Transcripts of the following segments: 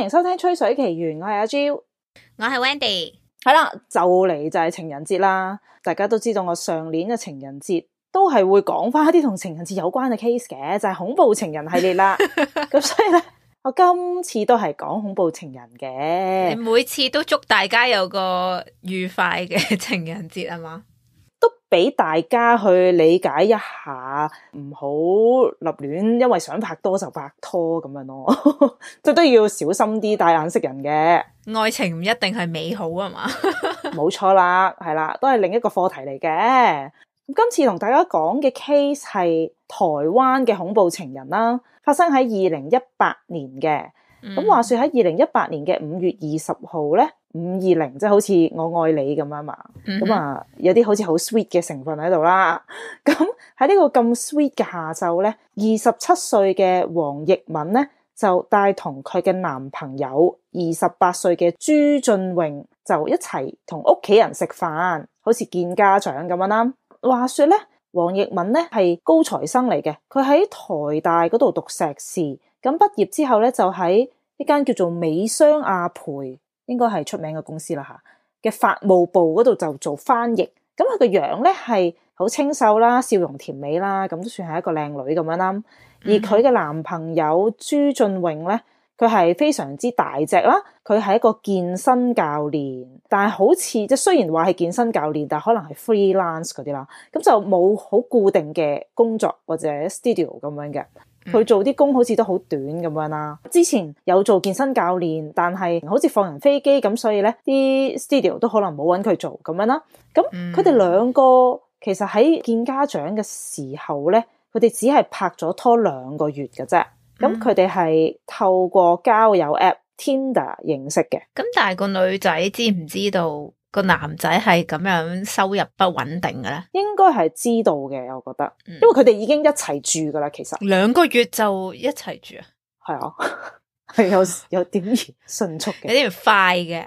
歡迎收聽《吹水奇緣》，我係阿 Jill，我係 Wendy。好啦，就嚟就係情人節啦。大家都知道，我上年嘅情人節都係會講翻一啲同情人節有關嘅 case 嘅，就係、是、恐怖情人系列啦。咁 所以咧，我今次都係講恐怖情人嘅。你每次都祝大家有個愉快嘅情人節啊嘛？是俾大家去理解一下，唔好立亂，因為想拍拖就拍拖咁樣咯，即都要小心啲帶眼識人嘅。愛情唔一定係美好啊嘛，冇 錯啦，係啦，都係另一個課題嚟嘅。今次同大家講嘅 case 係台灣嘅恐怖情人啦，啊，發生喺二零一八年嘅。咁、嗯、話說喺二零一八年嘅五月二十號呢。五二零即係好似我愛你咁樣嘛，咁、mm、啊 -hmm. 有啲好似好 sweet 嘅成分喺度啦。咁 喺呢個咁 sweet 嘅下晝咧，二十七歲嘅黃奕敏咧就帶同佢嘅男朋友二十八歲嘅朱峻穎就一齊同屋企人食飯，好似見家長咁樣啦。話說咧，黃奕敏咧係高材生嚟嘅，佢喺台大嗰度讀碩士，咁畢業之後咧就喺一間叫做美商亞培，應該係出名嘅公司啦嚇，嘅法務部嗰度就做翻譯。咁佢個樣咧係好清秀啦，笑容甜美啦，咁都算係一個靚女咁樣啦。而佢嘅男朋友朱峻穎咧，佢係非常之大隻啦，佢係一個健身教練，但係好似即係雖然話係健身教練，但係可能係 freelance 嗰啲啦，咁就冇好固定嘅工作或者 studio 咁樣嘅。佢做啲工好似都好短咁樣啦。之前有做健身教練，但係好似放人飛機咁，所以咧啲 studio 都可能冇搵佢做咁樣啦。咁佢哋兩個其實喺見家長嘅時候咧，佢哋只係拍咗拖兩個月嘅啫。咁佢哋係透過交友 app Tinder 認識嘅。咁但係個女仔知唔知道？個男仔係咁樣收入不穩定嘅咧，應該係知道嘅。我覺得，嗯、因為佢哋已經一齊住噶啦。其實兩個月就一齊住啊，係 啊，係有有點迅速嘅， 有點快嘅。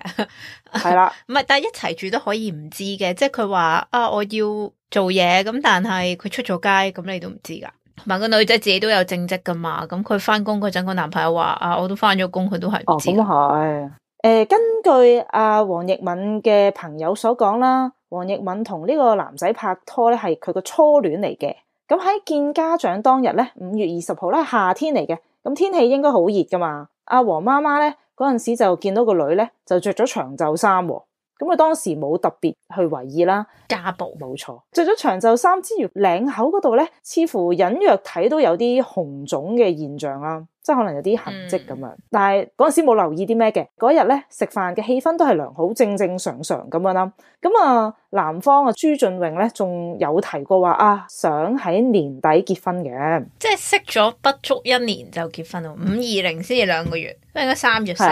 係 啦是的，唔 係，但係一齊住都可以唔知嘅。即係佢話啊，我要做嘢咁，但係佢出咗街咁，你都唔知噶。同埋個女仔自己都有正職噶嘛，咁佢翻工嗰陣，個男朋友話啊，我都翻咗工，佢都係哦咁樣係。誒，根據阿黃奕敏嘅朋友所講啦，黃奕敏同呢個男仔拍拖咧係佢個初戀嚟嘅。咁喺見家長當日咧，五月二十號咧，係夏天嚟嘅，咁天氣應該好熱噶嘛。阿、啊、黃媽媽咧嗰陣時就見到個女咧就着咗長袖衫、哦。咁啊，當時冇特別去留意啦。家暴冇錯，着咗長袖衫之餘，領口嗰度咧，似乎隱約睇到有啲紅腫嘅現象啦，即係可能有啲痕跡咁、嗯、樣。但係嗰陣時冇留意啲咩嘅。嗰日咧食飯嘅氣氛都係良好，正正常常咁樣啦。咁啊，男方啊朱峻穎咧仲有提過話啊，想喺年底結婚嘅。即係識咗不足一年就結婚咯，五二零先至兩個月，應該三月識。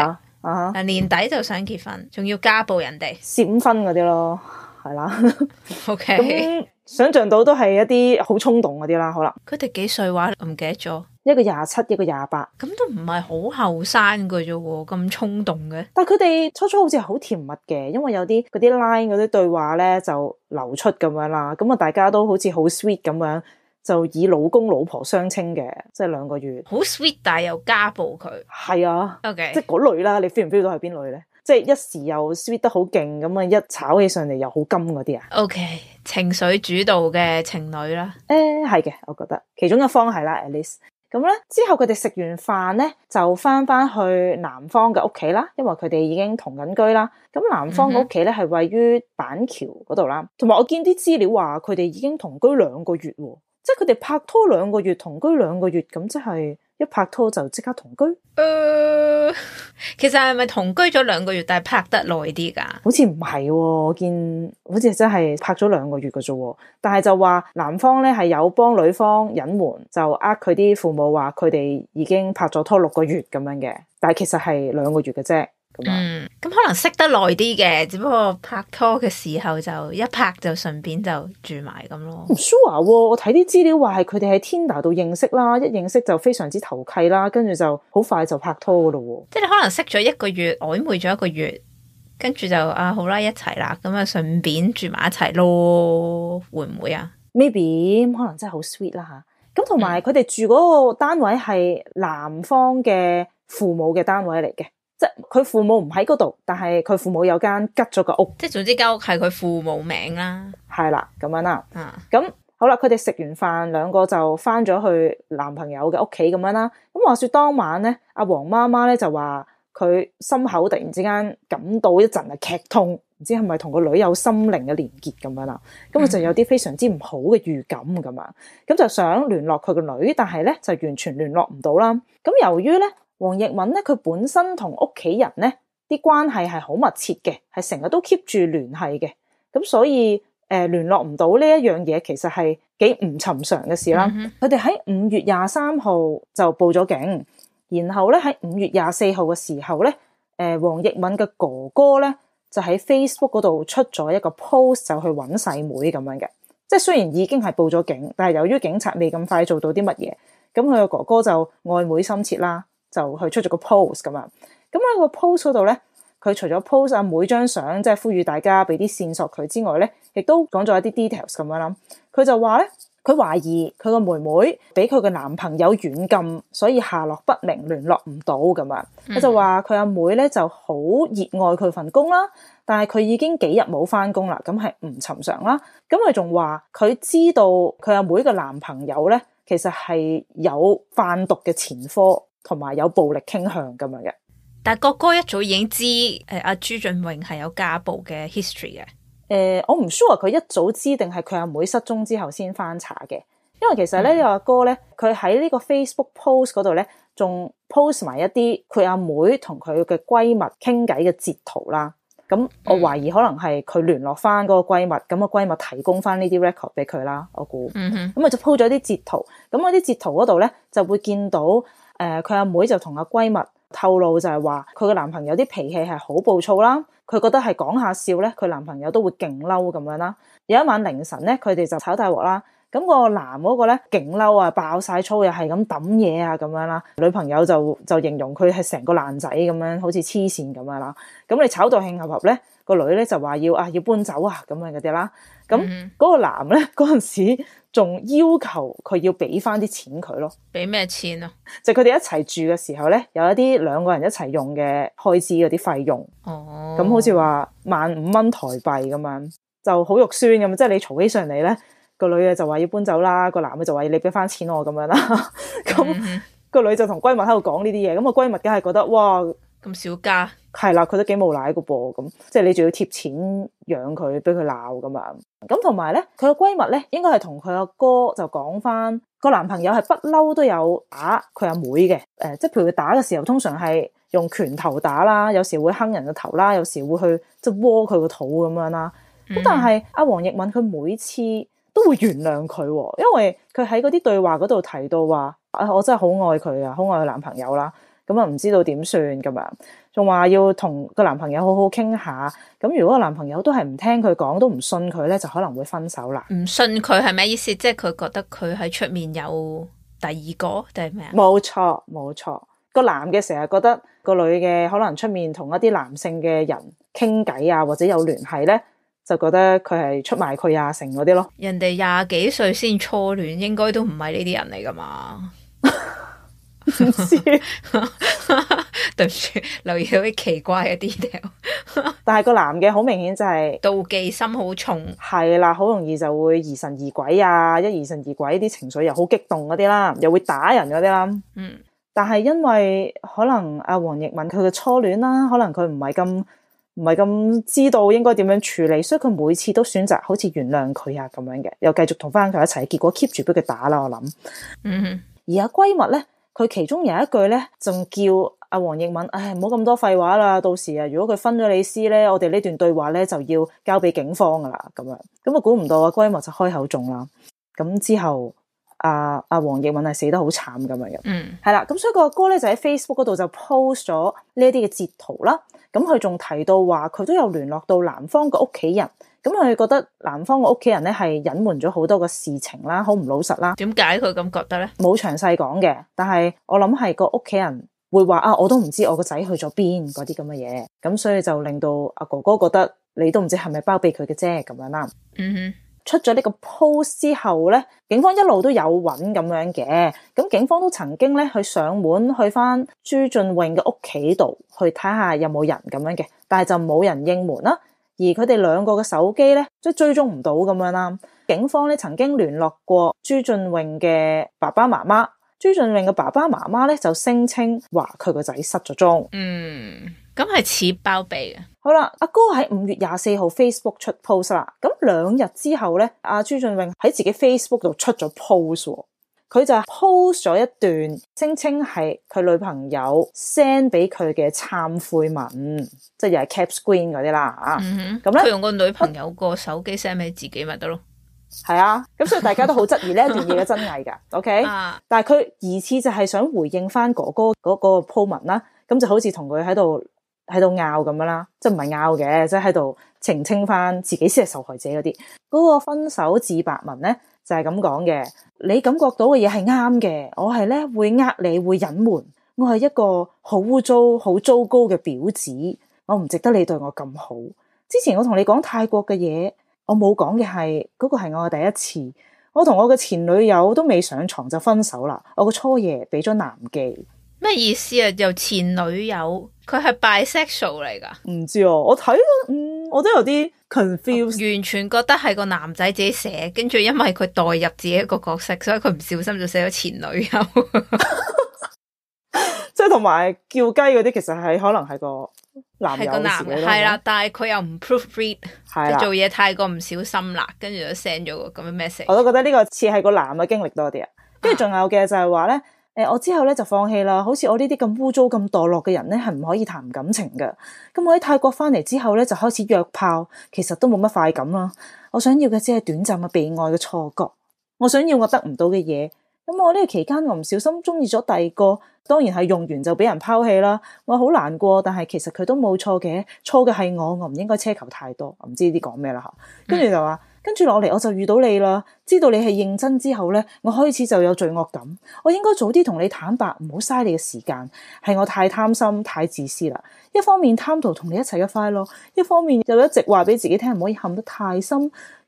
啊、uh -huh.！年底就想結婚，仲要家暴人哋，閃婚嗰啲咯，係啦。OK，咁想象到都係一啲好衝動嗰啲啦，可能佢哋幾歲話唔記得咗，一個廿七，一個廿八，咁都唔係好後生嘅啫喎，咁衝動嘅。但係佢哋初初好似好甜蜜嘅，因為有啲嗰啲 line 嗰啲對話咧就流出咁樣啦，咁啊大家都好似好 sweet 咁樣。就以老公老婆相稱嘅，即係兩個月，好 sweet，但係又家暴佢，係啊，OK，即係嗰類啦。你 feel 唔 feel 到係邊類咧？即係一時又 sweet 得好勁，咁啊一炒起上嚟又好金嗰啲啊。OK，情緒主導嘅情侶啦，誒係嘅，我覺得其中一方係啦，at least。咁咧之後佢哋食完飯咧，就翻翻去男方嘅屋企啦，因為佢哋已經同緊居啦。咁男方嘅屋企咧係位於板橋嗰度啦，同埋我見啲資料話佢哋已經同居兩個月。即係佢哋拍拖兩個月同居兩個月，咁即係一拍拖就即刻同居？誒、呃，其實係咪同居咗兩個月，但係拍得耐啲噶？好似唔係喎，我見好似真係拍咗兩個月噶啫。但係就話男方咧係有幫女方隱瞞，就呃佢啲父母話佢哋已經拍咗拖六個月咁樣嘅，但係其實係兩個月嘅啫。嗯，咁可能識得耐啲嘅，只不過拍拖嘅時候就一拍就順便就住埋咁咯。唔 sure 啊，我睇啲資料話係佢哋喺 Tinder 度認識啦，一認識就非常之投契啦，跟住就好快就拍拖咯。即係你可能識咗一個月，曖昧咗一個月，跟住就啊好啦，一齊啦，咁啊順便住埋一齊咯，會唔會啊？Maybe 可能真係好 sweet 啦吓。咁同埋佢哋住嗰個單位係男方嘅父母嘅單位嚟嘅。即係佢父母唔喺嗰度，但係佢父母有間吉咗個屋。即係總之間屋係佢父母名啦，係啦咁樣啦。咁、啊、好啦，佢哋食完飯，兩個就翻咗去男朋友嘅屋企咁樣啦。咁話說當晚咧，阿黃媽媽咧就話佢心口突然之間感到一陣嘅劇痛，唔知係咪同個女有心靈嘅連結咁樣啦。咁佢就有啲非常之唔好嘅預感咁樣。咁就想聯絡佢個女，但係咧就完全聯絡唔到啦。咁由於咧。王奕敏咧，佢本身同屋企人咧啲關係係好密切嘅，係成日都 keep 住聯繫嘅。咁所以呃、聯絡唔到呢一樣嘢，其實係幾唔尋常嘅事啦。佢哋喺五月廿三號就報咗警，然後咧喺五月廿四號嘅時候咧，誒、呃，王奕敏嘅哥哥咧就喺 Facebook 嗰度出咗一個 post 就去揾細妹咁樣嘅。即係雖然已經係報咗警，但係由於警察未咁快做到啲乜嘢，咁佢嘅哥哥就愛妹深切啦。就去出咗個 post 咁樣，咁喺個 post 嗰度咧，佢除咗 post 阿妹張相，即係呼籲大家俾啲線索佢之外咧，亦都講咗一啲 details 咁樣啦。佢就話咧，佢懷疑佢個妹妹俾佢個男朋友軟禁，所以下落不明，聯絡唔到咁樣。佢就話佢阿妹咧就好熱愛佢份工啦，但係佢已經幾日冇翻工啦，咁係唔尋常啦。咁佢仲話佢知道佢阿妹嘅男朋友咧，其實係有販毒嘅前科。同埋有暴力傾向咁樣嘅，但係哥哥一早已經知誒，阿、呃啊、朱峻穎係有家暴嘅 history 嘅。誒、呃，我唔 sure 佢一早知定係佢阿妹失蹤之後先翻查嘅，因為其實咧呢、嗯呢個阿哥咧，佢喺呢個 Facebook post 嗰度咧，仲 post 埋一啲佢阿妹同佢嘅閨蜜傾偈嘅截圖啦。咁我懷疑可能係佢聯絡翻嗰個閨蜜，咁、嗰個閨蜜提供翻呢啲 record 俾佢啦。我估，咁、嗯、啊就 post 咗啲截圖。咁嗰啲截圖嗰度咧，就會見到。誒佢阿妹就同阿閨蜜透露就係話佢嘅男朋友啲脾氣係好暴躁啦，佢覺得係講下笑咧，佢男朋友都會勁嬲咁樣啦。有一晚凌晨咧，佢哋就炒大鑊啦。咁個男嗰個咧勁嬲啊，爆晒粗又係咁抌嘢啊咁樣啦。女朋友就就形容佢係成個爛仔咁樣，好似黐線咁樣啦。咁你炒到慶合合咧？個女咧就話要啊要搬走啊咁樣嗰啲啦，咁嗰、mm -hmm. 個男咧嗰陣時仲要求佢要俾翻啲錢佢咯，俾咩錢啊？就佢哋一齊住嘅時候咧，有一啲兩個人一齊用嘅開支嗰啲費用哦，咁、oh. 嗯、好似話萬五蚊台幣咁樣，就好肉酸咁，即係你嘈起上嚟咧，個女就話要搬走啦、啊，個男就話你俾翻錢我咁樣啦、啊，咁 個、mm -hmm. 女就同閨蜜喺度講呢啲嘢，咁個閨蜜梗係覺得哇～咁少家，係啦，佢都幾無賴個噃，咁即係你仲要貼錢養佢，俾佢鬧㗎嘛？咁同埋咧，佢個閨蜜咧，應該係同佢阿哥就講翻個男朋友係不嬲都有打佢阿妹嘅，誒、呃，即係譬如佢打嘅時候，通常係用拳頭打啦，有時會坑人個頭啦，有時會去即係窩佢個肚咁樣啦。咁、嗯、但係阿黃奕敏，佢每次都會原諒佢，因為佢喺嗰啲對話嗰度提到話，啊，我真係好愛佢啊，好愛佢男朋友啦。咁啊，唔知道點算咁啊，仲話要同個男朋友好好傾下。咁如果個男朋友都係唔聽佢講，都唔信佢咧，就可能會分手啦。唔信佢係咩意思？即係佢覺得佢喺出面有第二個定係咩啊？冇錯冇錯，個男嘅成日覺得個女嘅可能出面同一啲男性嘅人傾偈啊，或者有聯繫咧，就覺得佢係出賣佢阿成嗰啲咯。人哋廿幾歲先初戀，應該都唔係呢啲人嚟噶嘛。 唔知對住留意嗰啲奇怪嘅 detail，但係個男嘅好明顯就係妒忌心好重，係啦，好容易就會疑神疑鬼啊，一疑神疑鬼啲情緒又好激動嗰啲啦，又會打人嗰啲啦。嗯，但係因為可能阿黃奕敏佢嘅初戀啦，啊，可能佢唔係咁唔係咁知道應該點樣處理，所以佢每次都選擇好似原諒佢啊咁樣嘅，又繼續同翻佢一齊，結果 keep 住俾佢打啦，我諗。嗯，而阿、啊、閨蜜咧。佢其中有一句咧，仲叫阿黃奕敏。唉，唔好咁多廢話啦。到時啊，如果佢分咗你屍咧，我哋呢段對話咧就要交俾警方噶啦。咁樣，咁啊，估唔到啊，龜莫就開口中啦。咁之後，阿、啊、阿、啊、黃奕敏係死得好慘咁樣嘅。嗯，係啦。咁所以個哥咧就喺 Facebook 嗰度就 post 咗呢一啲嘅截圖啦。咁佢仲提到話，佢都有聯絡到男方個屋企人，咁佢覺得男方個屋企人咧係隱瞞咗好多嘅事情啦，好唔老實啦。點解佢咁覺得咧？冇詳細講嘅，但係我諗係個屋企人會話啊，我都唔知我個仔去咗邊嗰啲咁嘅嘢，咁所以就令到阿哥哥覺得你都唔知係咪包庇佢嘅啫，咁樣啦。嗯哼。出咗呢個 post 之後咧，警方一路都有揾，咁樣嘅，咁警方都曾經咧去上門去返朱峻穎嘅屋企度去睇下有冇人咁樣嘅，但係就冇人應門啦。而佢哋兩個嘅手機咧，即係追蹤唔到咁樣啦。警方咧曾經聯絡過朱峻穎嘅爸爸媽媽，朱峻穎嘅爸爸媽媽咧就聲稱話佢個仔失咗蹤，嗯，咁係似包庇嘅。好啦，阿哥喺五月廿四號 Facebook 出 post 啦，咁兩日之後咧，阿朱峻穎喺自己 Facebook 度出咗 post，佢就 post 咗一段聲稱係佢女朋友 send 俾佢嘅懺悔文，即係又係 cap screen 嗰啲啦啊，咁咧佢用個女朋友個手機 send 俾自己咪得咯，係啊，咁、啊、所以大家都好質疑呢一段嘢嘅真偽噶 ，OK，啊、但係佢疑似就係想回應翻哥哥嗰個 po 文啦，咁就好似同佢喺度。喺度拗，咁樣啦，即係唔係拗嘅，即係喺度澄清翻自己先係受害者嗰啲。嗰個分手自白文咧就係咁講嘅，你感覺到嘅嘢係啱嘅，我係咧會呃你會隱瞞，我係一個好污糟，好糟糕嘅婊子，我唔值得你對我咁好。之前我同你講泰國嘅嘢，我冇講嘅係嗰個係我嘅第一次，我同我嘅前女友都未上床就分手啦，我個初夜俾咗男妓。咩意思啊？又前女友，佢係 bisexual 嚟噶？唔知哦，我睇到，嗯，我都有啲 confuse，完全覺得係個男仔自己寫，跟住因為佢代入自己一個角色，所以佢唔小心就寫咗前女友。即係同埋叫雞嗰啲，其實係可能係個男嘅，係個男嘅係啦，但係佢又唔 proofread，即係做嘢太過唔小心啦，跟住就 send 咗個咁樣 message。我都覺得呢個似係個男嘅經歷多啲啊。跟住仲有嘅就係話咧。誒，我之後咧，就放棄啦。好似我呢啲咁污糟、咁墮落嘅人咧，係唔可以談感情嘅。咁我喺泰國翻嚟之後咧，就開始約炮，其實都冇乜快感啦。我想要嘅只係短暫嘅被愛嘅錯覺。我想要我得唔到嘅嘢。咁我呢個期間，我唔小心中意咗第二個，當然係用完就俾人拋棄啦。我好難過，但係其實佢都冇錯嘅，錯嘅係我，我唔應該奢求太多。我唔知呢啲講咩啦吓。嗯。跟住就話。跟住落嚟，我就遇到你啦。知道你係認真之後咧，我開始就有罪惡感。我應該早啲同你坦白，唔好嘥你嘅時間。係我太貪心、太自私啦。一方面貪圖同你一齊嘅快樂，一方面就一直話俾自己聽唔可以陷得太深。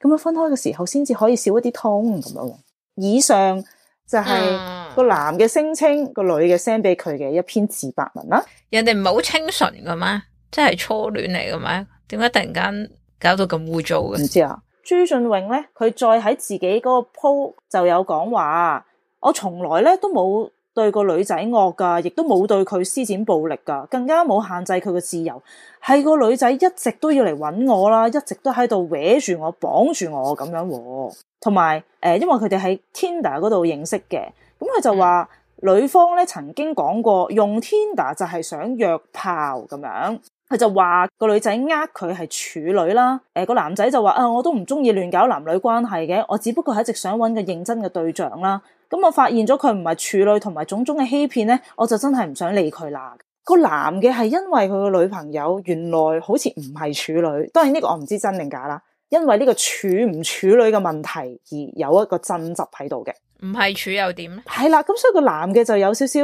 咁樣分開嘅時候，先至可以少一啲痛咁樣。以上就係個男嘅聲稱，個、嗯、女嘅 send 俾佢嘅一篇自白文啦。人哋唔係好清純噶嘛，即係初戀嚟㗎咩？點解突然間搞到咁污糟嘅？唔知啊。朱峻穎咧，佢再喺自己嗰個 po 就有講話，我從來咧都冇對個女仔惡噶，亦都冇對佢施展暴力噶，更加冇限制佢個自由。係個女仔一直都要嚟搵我啦，一直都喺度搲住我綁住我咁樣。同埋誒，因為佢哋喺 Tinder 嗰度認識嘅，咁佢就話、嗯、女方咧曾經講過用 Tinder 就係想約炮咁樣。佢就話個女仔呃佢係處女啦，誒個男仔就話啊我都唔中意亂搞男女關係嘅，我只不過係一直想揾個認真嘅對象啦。咁我發現咗佢唔係處女同埋種種嘅欺騙咧，我就真係唔想理佢啦。個男嘅係因為佢個女朋友原來好似唔係處女，當然呢個我唔知真定假啦。因為呢個處唔處女嘅問題而有一個爭執喺度嘅，唔係處又點咧？係啦，咁所以個男嘅就有少少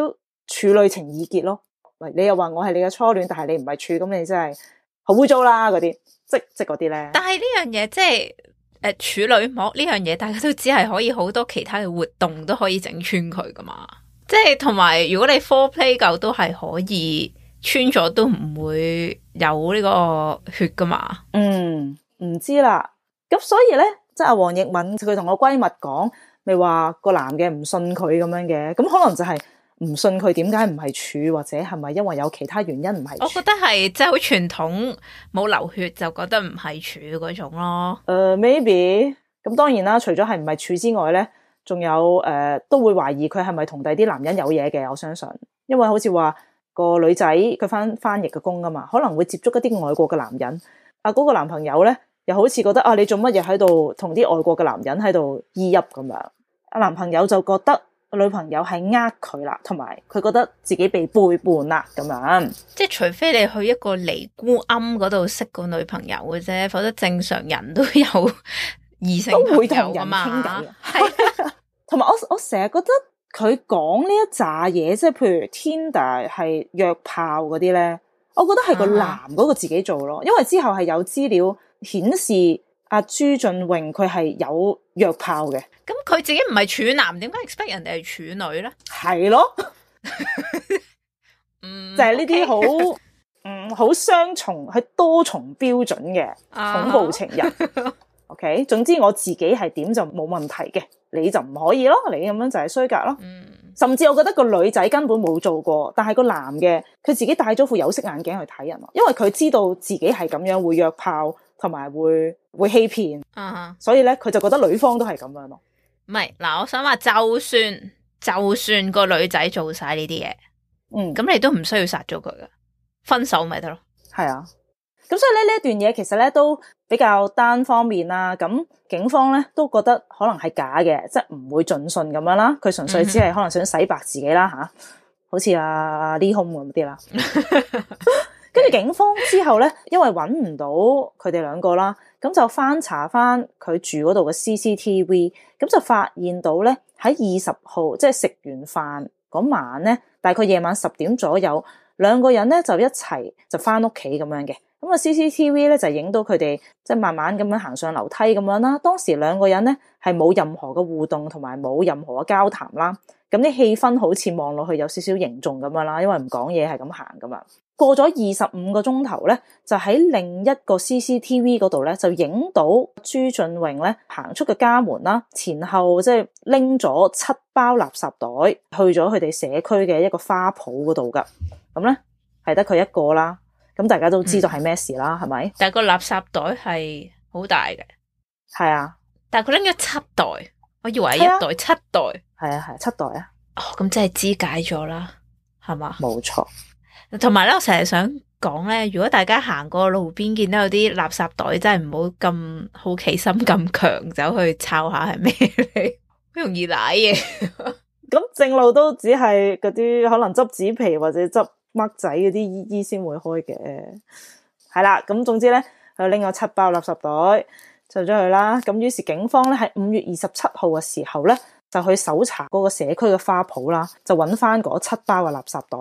處女情意結咯。喂，你又話我係你嘅初戀，但係你唔係處，咁你真係好污糟啦！嗰啲，即即嗰啲咧。但係呢樣嘢即係誒、呃，處女膜呢樣嘢，大家都只係可以好多其他嘅活動都可以整穿佢噶嘛。即係同埋，如果你 four play 夠都係可以穿咗，都唔會有呢個血噶嘛。嗯，唔知啦。咁所以咧，即係阿黃奕敏佢同我閨蜜講，咪話個男嘅唔信佢咁樣嘅，咁可能就係、是。唔信佢點解唔係處或者係咪因為有其他原因唔係處？我覺得係即係好傳統，冇流血就覺得唔係處嗰種咯。誒、uh，maybe 咁，當然啦，除咗係唔係處之外咧，仲有誒、uh, 都會懷疑佢係咪同第啲男人有嘢嘅。我相信，因為好似話，嗰個女仔佢翻翻譯嘅工啊嘛，可能會接觸一啲外國嘅男人。啊、那、嗰個男朋友咧，又好似覺得啊，你做乜嘢喺度同啲外國嘅男人喺度依泣咁樣。阿男朋友就覺得。個女朋友係呃佢啦，同埋佢覺得自己被背叛啦，咁樣。即係除非你去一個尼姑庵嗰度識個女朋友嘅啫，否則正常人都有異性朋友噶嘛，都會同人傾偈。係、啊，同 埋我我成日覺得佢講呢一紮嘢，即係譬如 Tinder 係約炮嗰啲咧，我覺得係個男嗰個自己做咯，因為之後係有資料顯示。阿朱峻穎佢係有約炮嘅，咁佢自己唔係處男，點解 expect 人哋係處女咧？係咯， 就係呢啲好， 嗯，好雙重，係多重標準嘅恐怖情人。OK，總之我自己係點就冇問題嘅，你就唔可以咯，你咁樣就係衰格咯。甚至我覺得個女仔根本冇做過，但係個男嘅佢自己戴咗副有色眼鏡去睇人，因為佢知道自己係咁樣會約炮。同埋會會欺騙，uh -huh. 所以咧佢就覺得女方都係咁樣咯。唔係嗱，我想話就算就算個女仔做晒呢啲嘢，嗯，咁你都唔需要殺咗佢㗎。分手咪得咯。係啊，咁所以咧呢一段嘢其實咧都比較單方面啦。咁警方咧都覺得可能係假嘅，即係唔會盡信咁樣啦。佢純粹只係可能想洗白自己啦吓，mm -hmm. 啊，好似啊呢方面啲啦.。 跟住警方之後咧，因為揾唔到佢哋兩個啦，咁就翻查翻佢住嗰度嘅 CCTV，咁就發現到咧喺二十號即係食完飯嗰晚咧，大概夜晚十點左右，兩個人咧就一齊就翻屋企咁樣嘅。咁啊 CCTV 咧就影到佢哋即係慢慢咁樣行上樓梯咁樣啦。當時兩個人咧係冇任何嘅互動同埋冇任何嘅交談啦。咁啲氣氛好似望落去有少少凝重咁樣啦，因為唔講嘢係咁行噶嘛。過咗二十五個鐘頭咧，就喺另一個 CCTV 嗰度咧，就影到朱峻穎咧行出嘅家門啦，前後即係拎咗七包垃圾袋去咗佢哋社區嘅一個花圃嗰度噶。咁咧係得佢一個啦。咁大家都知道係咩事啦，係、嗯、咪？但係個垃圾袋係好大嘅，係啊。但係佢拎咗七袋，我以為一袋、啊，七袋，係啊係、啊啊、七袋啊。哦，咁即係肢解咗啦，係嘛？冇錯。同埋咧，我成日想講咧，如果大家行過路邊見到有啲垃圾袋，真係唔好咁好奇心咁強，走去抄下係咩嚟，好 容易瀨嘅。咁正路都只係嗰啲可能執紙皮或者執掹仔嗰啲姨姨先會開嘅，係啦。咁總之咧，佢拎咗七包垃圾袋就咗去啦。咁於是警方咧喺五月二十七號嘅時候咧。就去搜查嗰個社區嘅花圃啦，就揾翻嗰七包嘅垃圾袋。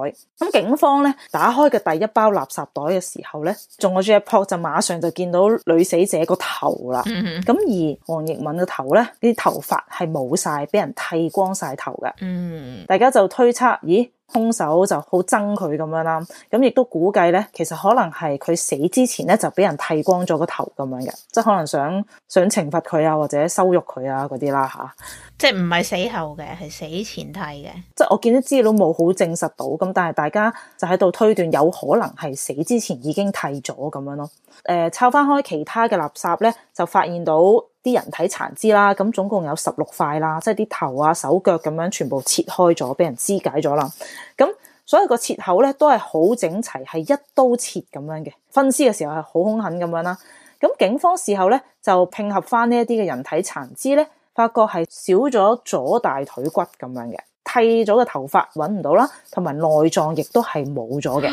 咁警方咧打開嘅第一包垃圾袋嘅時候咧，仲有住業仆就馬上就見到女死者個頭啦。咁、嗯、而黃奕敏嘅頭咧，啲頭髮係冇晒，俾人剃光晒頭嘅，嗯。大家就推測，咦？兇手就好憎佢咁樣啦，咁亦都估計咧，其實可能係佢死之前咧就俾人剃光咗個頭咁樣嘅，即係可能想想懲罰佢啊，或者羞辱佢啊嗰啲啦吓，即係唔係死後嘅，係死前剃嘅。即係我見到啲資料冇好證實到，咁但係大家就喺度推斷，有可能係死之前已經剃咗咁樣咯。誒、呃，抽翻開其他嘅垃圾咧，就發現到。啲人體殘肢啦，咁總共有十六塊啦，即係啲頭啊、手腳咁樣全部切開咗，俾人肢解咗啦。咁所有個切口咧都係好整齊，係一刀切咁樣嘅。分屍嘅時候係好凶狠咁樣啦。咁警方事後咧就拼合翻呢一啲嘅人體殘肢咧，發覺係少咗左大腿骨咁樣嘅，剃咗個頭髮揾唔到啦，同埋內臟亦都係冇咗嘅。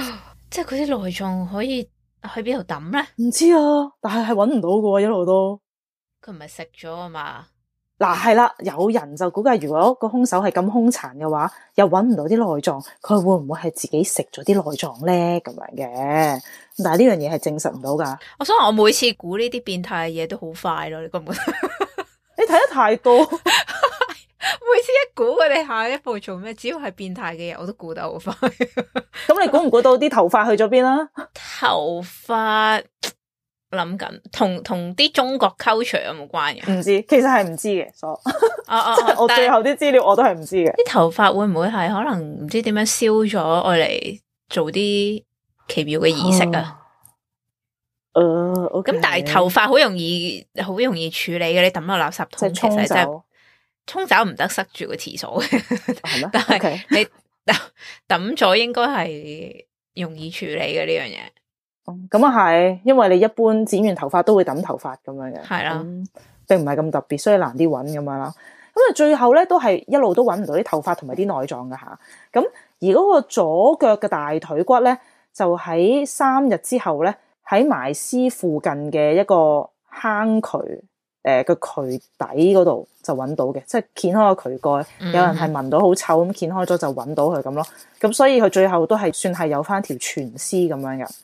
即係佢啲內臟可以去邊度抌咧？唔知啊，但係係揾唔到㗎，一路都。佢唔係食咗啊嘛？嗱係啦，有人就估計，如果個凶手係咁凶殘嘅話，又揾唔到啲內臟，佢會唔會係自己食咗啲內臟咧？咁樣嘅，但係呢樣嘢係證實唔到噶。我想我每次估呢啲變態嘅嘢都好快咯，你覺唔覺得？你睇得太多。 每次一估佢哋下一步做咩，只要係變態嘅嘢，我都估得好快。咁 你估唔估到啲頭髮去咗邊啦？頭髮。諗緊同同啲中國 culture 有冇關嘅？唔知，其實係唔知嘅，傻、 哦。即、哦、 我最後啲資料我都係唔知嘅。啲頭髮會唔會係可能唔知點樣燒咗，我嚟做啲奇妙嘅儀式啊？誒、哦，咁、哦 okay 嗯、但係頭髮好容易好容易處理嘅，你抌落垃圾桶其實就是、沖走唔得，塞住個廁所，係咯、哦，但係、okay. 你抌咗應該係容易處理嘅呢樣嘢。咁、嗯、啊，係，因為你一般剪完頭髮都會抌頭髮咁樣嘅，係啦、嗯，並唔係咁特別，所以難啲搵咁樣啦。咁啊，最後咧都係一路都搵唔到啲頭髮同埋啲內臟噶吓。咁、嗯嗯、而嗰個左腳嘅大腿骨咧，就喺三日之後咧喺埋屍附近嘅一個坑渠誒個、呃、渠底嗰度就搵到嘅，即係掀開個渠蓋、嗯，有人係聞到好臭咁，掀開咗就搵到佢咁咯。咁、嗯、所以佢最後都係算係有翻條全屍咁樣嘅。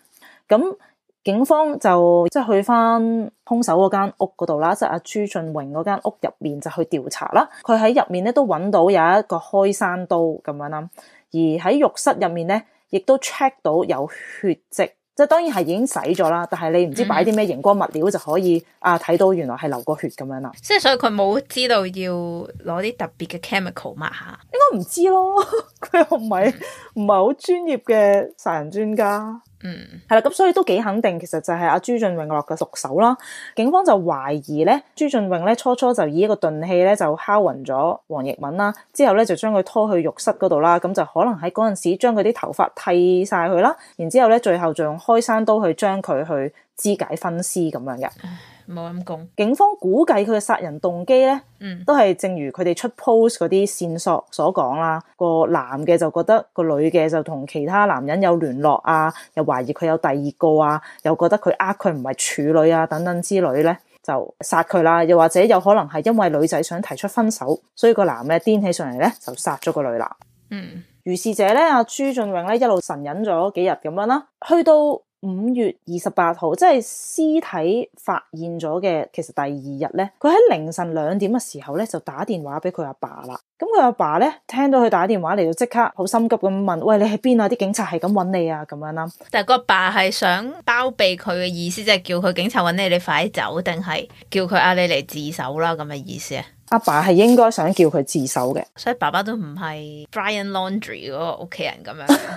咁警方就即係去翻凶手嗰間屋嗰度啦，即係阿朱峻穎嗰間屋入面就去調查啦。佢喺入面咧都揾到有一個開山刀咁樣啦，而喺浴室入面咧亦都 check 到有血跡，即係當然係已經洗咗啦。但係你唔知擺啲咩熒光物料就可以、嗯、啊睇到原來係流過血咁樣啦。即係所以佢冇知道要攞啲特別嘅 chemical 抹下，應該唔知咯。佢又唔係唔係好專業嘅殺人專家。嗯，係啦，咁所以都幾肯定，其實就係阿朱峻穎落嘅毒手啦。警方就懷疑咧，朱峻穎咧初初就以一個鈍器咧就敲暈咗黃奕敏啦，之後咧就將佢拖去浴室嗰度啦，咁就可能喺嗰陣時將佢啲頭髮剃晒佢啦，然之後咧最後就用開山刀去將佢去肢解分屍咁樣嘅。嗯冇咁講，警方估計佢嘅殺人動機咧、嗯，都係正如佢哋出 post 嗰啲線索所講啦。個男嘅就覺得個女嘅就同其他男人有聯絡啊，又懷疑佢有第二個啊，又覺得佢呃佢唔係處女啊等等之類咧，就殺佢啦。又或者有可能係因為女仔想提出分手，所以個男嘅癲起上嚟咧就殺咗個女啦。嗯，如是者咧，阿朱峻穎咧一路神隱咗幾日咁樣啦，去到五月二十八號，即係屍體發現咗嘅。其實第二日呢，佢喺凌晨兩點嘅時候呢，就打電話俾佢阿爸啦。咁佢阿爸呢，聽到佢打電話嚟，就即刻好心急咁問，喂，你喺邊啊？啲警察係咁揾你啊？咁樣啦。但係個阿爸係想包庇佢嘅意思，即係叫佢警察揾你，你快啲走，定係叫佢嗌你嚟自首啦？咁嘅意思啊？阿爸係應該想叫佢自首嘅，所以爸爸都唔係 Brian Laundry 個屋企人咁樣。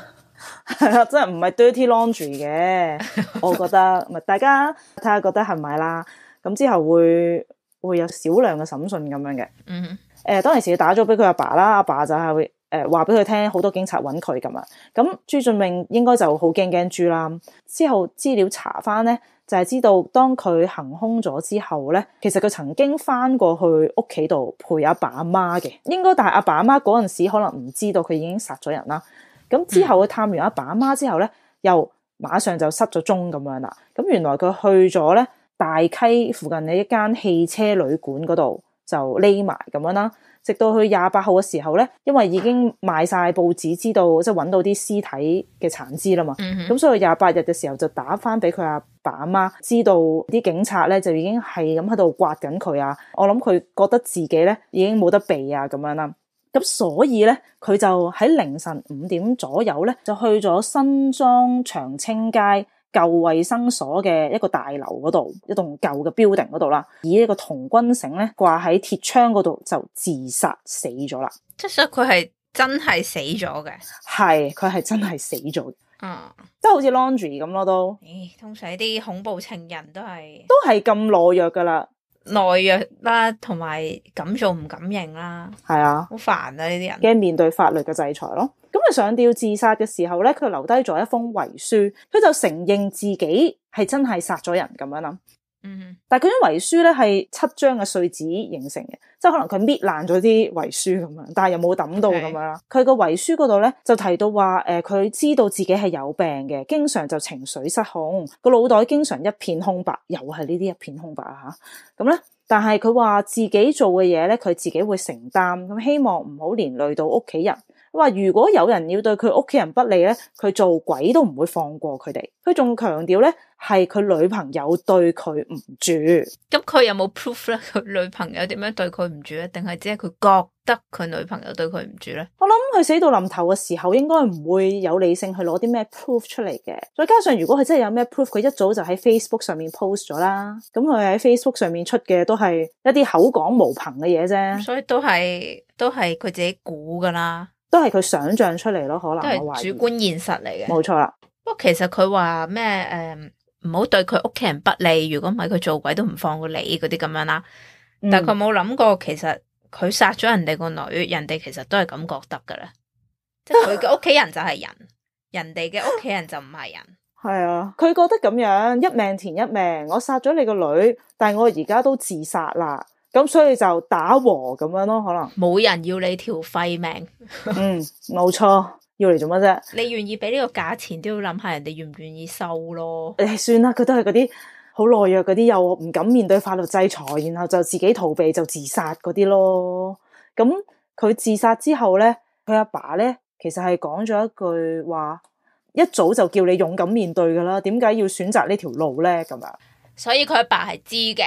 係啊，真係唔係 dirty laundry 嘅， 我覺得咪大家睇下覺得係咪啦。咁之後會會有少量嘅審訊咁樣嘅。嗯，誒、呃，當時時打咗俾佢阿爸啦，阿爸，爸就係誒話俾佢聽，好、呃、多警察揾佢咁嘛。咁朱峻穎應該就好驚驚豬啦。之後資料查翻咧，就係、是、知道當佢行凶咗之後咧，其實佢曾經翻過去屋企度陪阿爸阿媽嘅。應該但係阿爸阿媽嗰陣時可能唔知道佢已經殺咗人啦。咁之後佢探完阿爸阿媽之後咧，又馬上就失咗蹤咁樣啦。咁原來佢去咗咧大溪附近嘅一間汽車旅館嗰度就匿埋咁樣啦。直到去廿八號嘅時候咧，因為已經賣晒報紙，知道即係揾到啲屍體嘅殘肢啦嘛。咁、mm -hmm. 所以廿八日嘅時候就打翻俾佢阿爸阿媽，知道啲警察咧就已經係咁喺度刮緊佢啊。我諗佢覺得自己咧已經冇得避啊咁樣啦。咁所以咧，佢就喺凌晨五點左右咧，就去咗新莊長青街舊衛生所嘅一個大樓嗰度，一棟舊嘅 building 嗰度啦，以呢個同軍繩咧掛喺鐵窗嗰度就自殺死咗啦。即係佢係真係死咗嘅，係佢係真係死咗。嗯、啊，即係好似 laundry 咁咯都。誒、哎，通常啲恐怖情人都係都係咁懦弱噶啦。懦弱啦，同埋敢做唔敢認啦，係啊，好煩啊呢啲人，驚面對法律嘅制裁咯。咁啊，上吊自殺嘅時候咧，佢留低咗一封遺書，佢就承認自己係真係殺咗人咁樣諗。嗯，但係佢張遺書咧係七張嘅碎紙形成嘅，即係可能佢搣爛咗啲遺書咁樣，但係又冇抌到咁樣啦。佢個遺書嗰度咧就提到話，誒、呃，佢知道自己係有病嘅，經常就情緒失控，個腦袋經常一片空白，又係呢啲一片空白吓，咁、啊、咧。但係佢話自己做嘅嘢咧，佢自己會承擔，咁希望唔好連累到屋企人。佢話如果有人要對佢屋企人不利咧，佢做鬼都唔會放過佢哋。佢仲強調咧，係佢女朋友對佢唔住。咁佢有冇 proof 咧？佢女朋友點樣對佢唔住咧？定係只係佢覺？得佢女朋友對佢唔住咧，我諗佢死到臨頭嘅時候，應該唔會有理性去攞啲咩 proof 出嚟嘅。再加上如果佢真係有咩 proof，佢一早就喺 Facebook 上面 post 咗啦。咁佢喺 Facebook 上面出嘅都係一啲口講無憑嘅嘢啫。所以都係都係佢自己估噶啦，都係佢想象出嚟咯，可能都係主觀現實嚟嘅，冇錯啦。不過其實佢話咩誒唔好對佢屋企人不利，如果唔係佢做鬼都唔放過你嗰啲咁樣啦。但係佢冇諗過其實。佢殺咗人哋個女，人哋其實都係咁覺得噶啦，即係佢嘅屋企人就係人， 人哋嘅屋企人就唔係人。係啊，佢覺得咁樣一命填一命，我殺咗你個女，但係我而家都自殺啦，咁所以就打和咁樣咯，可能冇人要你條廢命。 嗯，冇錯，要嚟做乜啫？你願意俾呢個價錢都要諗下人哋願唔願意收咯。誒，算啦，佢都係嗰啲。好懦弱嗰啲又唔敢面對法律制裁，然後就自己逃避就自殺嗰啲咯。咁、嗯、佢自殺之後咧，佢阿爸咧其實係講咗一句話，一早就叫你勇敢面對噶啦。點解要選擇呢條路咧？咁樣所以佢阿爸係知嘅，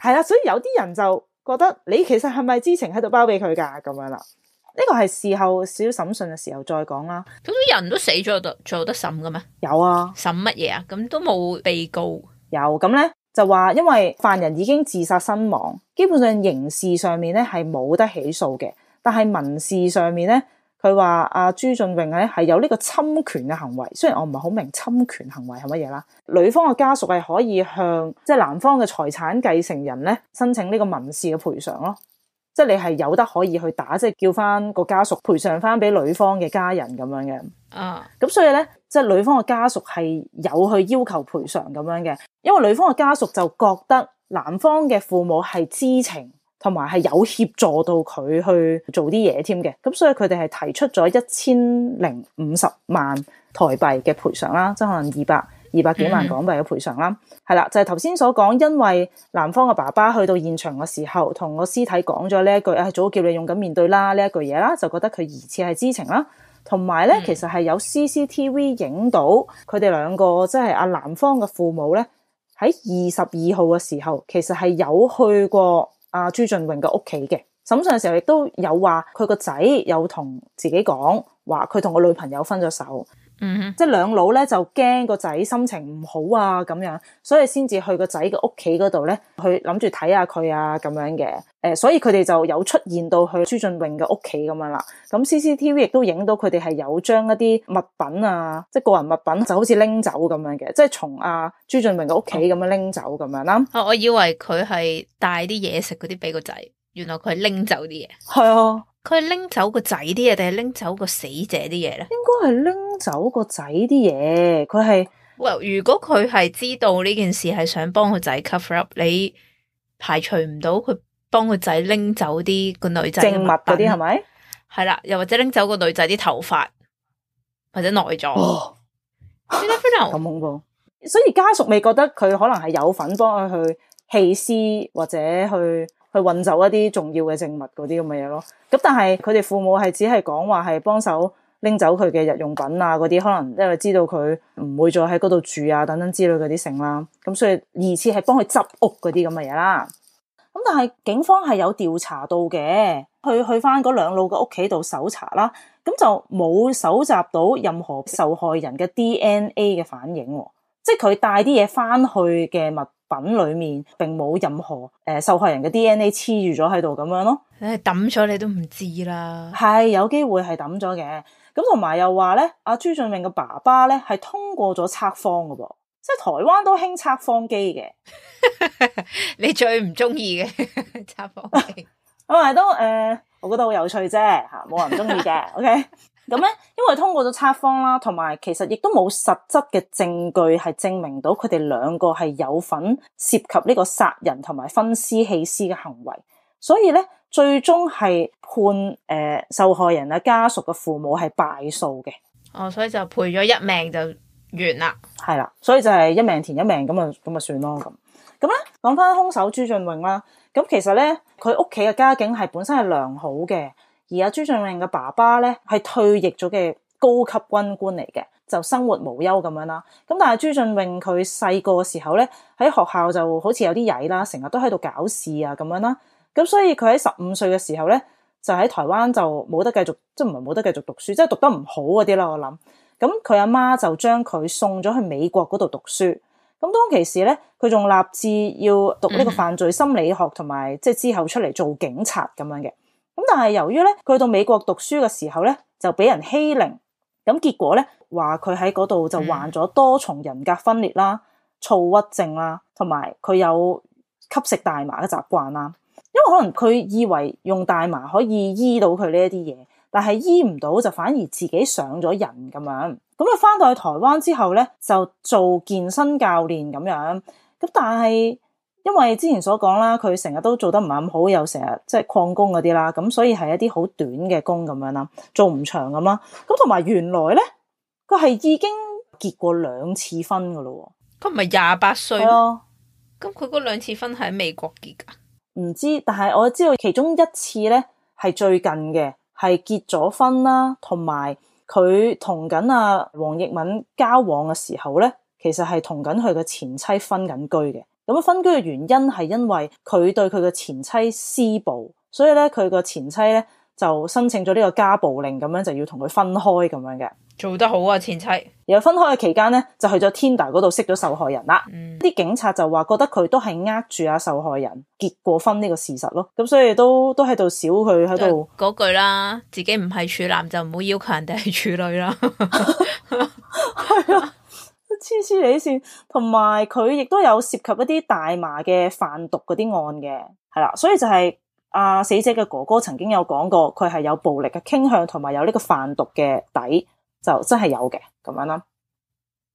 係啦、啊。所以有啲人就覺得你其實係咪知情喺度包庇佢噶咁樣啦？呢、這個係事後少審訊嘅時候再講啦。咁啲人都死咗，做得審㗎咩？有啊，審乜嘢啊？咁都冇被告。有咁咧，就話因為犯人已經自殺身亡，基本上刑事上面咧係冇得起訴嘅。但係民事上面咧，佢話阿朱峻穎咧係有呢個侵權嘅行為。雖然我唔係好明侵權行為係乜嘢啦，女方嘅家屬係可以向即係男方嘅財產繼承人咧申請呢個民事嘅賠償咯。即係你係有得可以去打，即係叫翻個家屬賠償翻俾女方嘅家人咁樣嘅。啊，咁所以咧。即係女方嘅家屬係有去要求賠償咁樣嘅，因為女方嘅家屬就覺得男方嘅父母係知情同埋係有協助到佢去做啲嘢添嘅，咁所以佢哋係提出咗一千零五十萬台幣嘅賠償啦，即係可能二百二百幾萬港幣嘅賠償啦，係、嗯、啦，就係頭先所講，因為男方嘅爸爸去到現場嘅時候，同個屍體講咗呢一句啊，早叫你勇敢面對啦呢一句嘢啦，就覺得佢疑似係知情啦。同埋咧，其實係有 CCTV 影到佢哋兩個，即係阿男方嘅父母咧，喺二十二號嘅時候，其實係有去過阿、啊、朱峻穎嘅屋企嘅。審訊嘅時候亦都有話，佢個仔有同自己講話，佢同個女朋友分咗手。嗯哼，即係兩老咧就驚個仔心情唔好啊，咁樣，所以先至去個仔嘅屋企嗰度咧，去諗住睇下佢啊，咁樣嘅，誒，所以佢哋就有出現到去朱峻穎嘅屋企咁樣啦。咁 CCTV 亦都影到佢哋係有將一啲物品啊，即係個人物品，就好似拎走咁樣嘅，即係從阿朱峻穎嘅屋企咁樣拎走咁樣啦、哦。啊，我以為佢係帶啲嘢食嗰啲俾個仔，原來佢拎走啲嘢。係 啊。佢係拎走個仔啲嘢，定係拎走個死者啲嘢咧？應該係拎走個仔啲嘢。佢係，喂、well，如果佢係知道呢件事，係想幫個仔 cover up，你排除唔到佢幫個仔拎走啲個女仔證物嗰啲，係咪？係啦，又或者拎走個女仔啲頭髮，或者內臟哦。咁 恐怖！所以家屬未覺得佢可能係有份幫佢去棄屍或者去。去運走一啲重要嘅證物嗰啲咁嘅嘢咯，咁但係佢哋父母係只係講話係幫手拎走佢嘅日用品啊，嗰啲可能因為知道佢唔會再喺嗰度住啊等等之類嗰啲性啦，咁所以二次係幫佢執屋嗰啲咁嘅嘢啦。咁但係警方係有調查到嘅，去去翻嗰兩老嘅屋企度搜查啦，咁就冇搜集到任何受害人嘅 DNA 嘅反應喎，即係佢帶啲嘢翻去嘅物品裏面並冇任何誒、呃、受害人嘅 DNA 黐住咗喺度咁樣咯，你抌咗你都唔知啦，係有機會係抌咗嘅。咁同埋又話咧，阿、啊、朱俊明嘅爸爸咧係通過咗測謊嘅，即係台灣都興測謊機嘅。 你最唔中意嘅測謊機，我 咪 都誒、呃，我覺得好有趣啫，吓冇人中意嘅，OK。咁咧，因為通過咗測謊啦，同埋其實亦都冇實質嘅證據係證明到佢哋兩個係有份涉及呢個殺人同埋分屍棄屍嘅行為，所以咧，最終係判、呃、受害人家屬嘅父母係敗訴嘅。哦，所以就賠咗一命就完啦。係啦，所以就係一命填一命咁啊，咁啊算咯咁。咁咧講返兇手朱峻穎啦，咁其實咧佢屋企嘅家境係本身係良好嘅。而阿朱峻穎嘅爸爸咧，係退役咗嘅高級軍官嚟嘅，就生活無憂咁樣啦。咁但係朱峻穎佢細個嘅時候咧，喺學校就好似有啲曳啦，成日都喺度搞事啊咁樣啦。咁所以佢喺十五歲嘅時候咧，就喺台灣就冇得繼續，即係唔係冇得繼續讀書，即係讀得唔好嗰啲啦。我諗，咁佢阿媽就將佢送咗去美國嗰度讀書。咁當其時咧，佢仲立志要讀呢個犯罪心理學，同埋即係之後出嚟做警察咁樣嘅。咁但係由於咧，佢到美國讀書嘅時候咧，就俾人欺凌，咁結果咧，話佢喺嗰度就患咗多重人格分裂啦、躁鬱症啦，同埋佢有吸食大麻嘅習慣啦。因為可能佢以為用大麻可以醫到佢呢一啲嘢，但係醫唔到就反而自己上咗癮咁樣。咁佢翻到去台灣之後咧，就做健身教練咁樣，咁但係。因為之前所講啦，佢成日都做得唔係咁好，又成日即係曠工嗰啲啦，咁所以係一啲好短嘅工咁樣啦，做唔長咁啦。咁同埋原來咧，佢係已經結過兩次婚噶咯。佢唔係廿八歲咯。咁佢嗰兩次婚喺美國結噶？唔知，但係我知道其中一次咧係最近嘅，係結咗婚啦，同埋佢同緊阿黃奕敏交往嘅時候咧，其實係同緊佢嘅前妻分緊居嘅。咁分居嘅原因係因為佢對佢嘅前妻施暴，所以咧佢個前妻咧就申請咗呢個家暴令，咁樣就要同佢分開咁樣嘅。做得好啊，前妻！然後分開嘅期間咧，就去咗 Tinder 嗰度識咗受害人啦。嗯，啲警察就話覺得佢都係呃住啊受害人結過婚呢個事實咯，咁所以都都喺度少佢喺度嗰句啦，自己唔係處男就唔好要求人哋係處女啦。係 啊。 黐黐你線，同埋佢亦都有涉及一啲大麻嘅販毒嗰啲案嘅，係啦。所以就係、係啊、死者嘅哥哥曾經有講過，佢係有暴力嘅傾向，同埋有呢個販毒嘅底，就真係有嘅咁樣啦。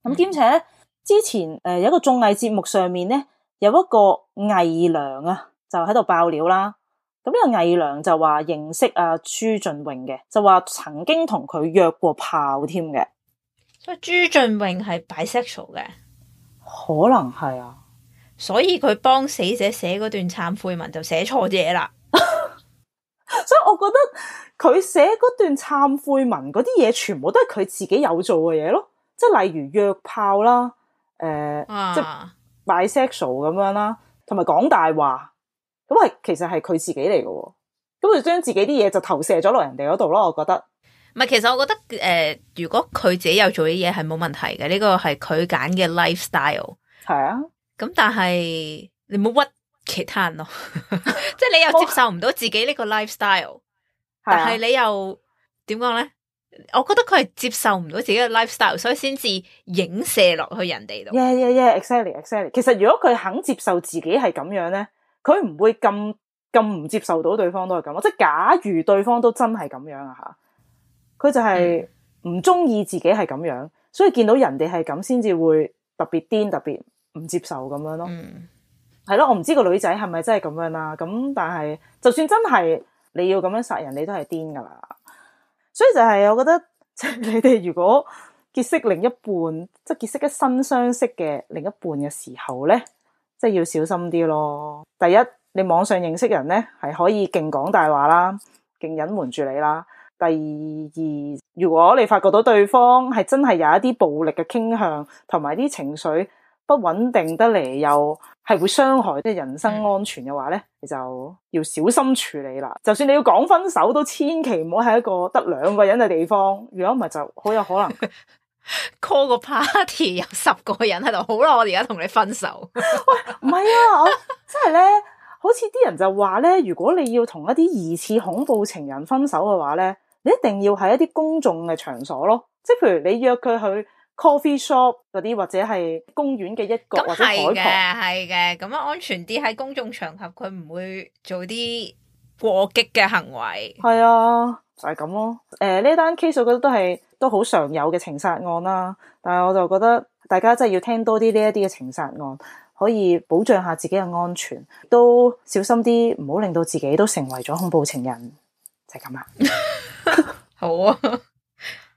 咁兼且呢之前誒、呃、有一個綜藝節目上面咧，有一個偽娘啊，就喺度爆料啦。咁呢個偽娘就話認識啊朱峻穎嘅，就話曾經同佢約過炮添嘅。即朱俊永係 bisexual 嘅，可能係啊，所以佢幫死者寫嗰段懺悔文就寫錯嘢啦。 所以我覺得佢寫嗰段懺悔文嗰啲嘢，全部都係佢自己有做嘅嘢咯。即係例如約炮啦，誒、呃，即、啊、係、就是、bisexual 咁樣啦，同埋講大話，咁係其實係佢自己嚟嘅，咁佢將自己啲嘢就投射咗落人哋嗰度咯。我覺得。唔係，其實我覺得誒、呃，如果佢自己有做嘅嘢係冇問題嘅，呢個係佢揀嘅 lifestyle。係啊，咁但係你冇屈其他人咯，即係你又接受唔到自己呢個 lifestyle，但係你又點講咧？我覺得佢係接受唔到自己嘅 lifestyle，所以先至影射落去人哋度。yeah yeah yeah，exactly exactly, exactly。其實如果佢肯接受自己係咁樣咧，佢唔會咁咁唔接受到對方都係咁。即係假如對方都真係咁樣啊吓。佢就係唔中意自己係咁樣，嗯，所以見到人哋係咁先至會特別癲，特別唔接受咁樣咯。嗯，係咯，我唔知個女仔係咪真係咁樣啦。咁但係就算真係你要咁樣殺人，你都係癲㗎啦。所以就係我覺得，即係你哋如果結識另一半，即係結識一新相識嘅另一半嘅時候咧，即係要小心啲咯。第一，你網上認識人咧，係可以勁講大話啦，勁隱瞞住你啦。第二，如果你發覺到對方係真係有一啲暴力嘅傾向，同埋啲情緒不穩定得嚟，又係會傷害即係人身安全嘅話咧，你就要小心處理啦。就算你要講分手，都千祈唔好係一個得兩個人嘅地方。如果唔係，就好有可能 call 個 party 有十個人喺度，好啦，我而家同你分手。 喂，唔係啊，我即係咧，好似啲人就話咧，如果你要同一啲疑似恐怖情人分手嘅話咧。你一定要喺一啲公眾嘅場所咯，即係譬如你約佢去 coffee shop 嗰啲，或者係公園嘅一角的，或者海旁，係嘅咁樣，安全啲喺公眾場合，佢唔會做啲過激嘅行為。係啊，就係、是、咁咯。誒、呃，呢單 case 我覺得都係都好常有嘅情殺案啦、啊。但係我就覺得大家真係要聽多啲呢一啲嘅情殺案，可以保障下自己嘅安全，都小心啲，唔好令到自己都成為咗恐怖情人。就係咁啦。 好啊，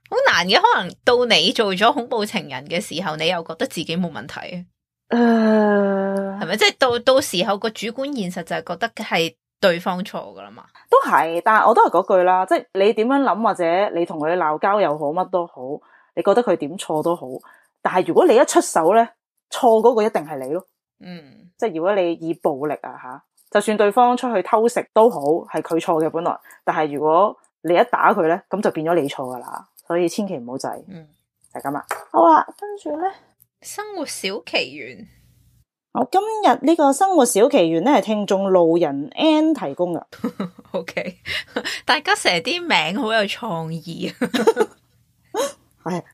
好難嘅，可能到你做咗恐怖情人嘅時候，你又覺得自己冇問題啊？係、uh... 咪？即係到到時候個主觀現實就係覺得係對方錯噶啦嘛？都係，但係我都係嗰句啦，即係你點樣諗或者你同佢鬧交又好，乜都好，你覺得佢點錯都好，但係如果你一出手咧，錯嗰個一定係你咯。嗯，即係如果你以暴力啊吓，就算對方出去偷食都好，係佢錯嘅本來，但係如果，你一打佢咧，咁就變咗你錯噶啦，所以千祈唔好制。嗯，就係咁啦。好啦，跟住咧，生活小奇緣。我今日呢個生活小奇緣咧，係聽眾路人 Ann 提供噶。 o Okay . K， 大家成日啲名好有創意啊。係、 哎，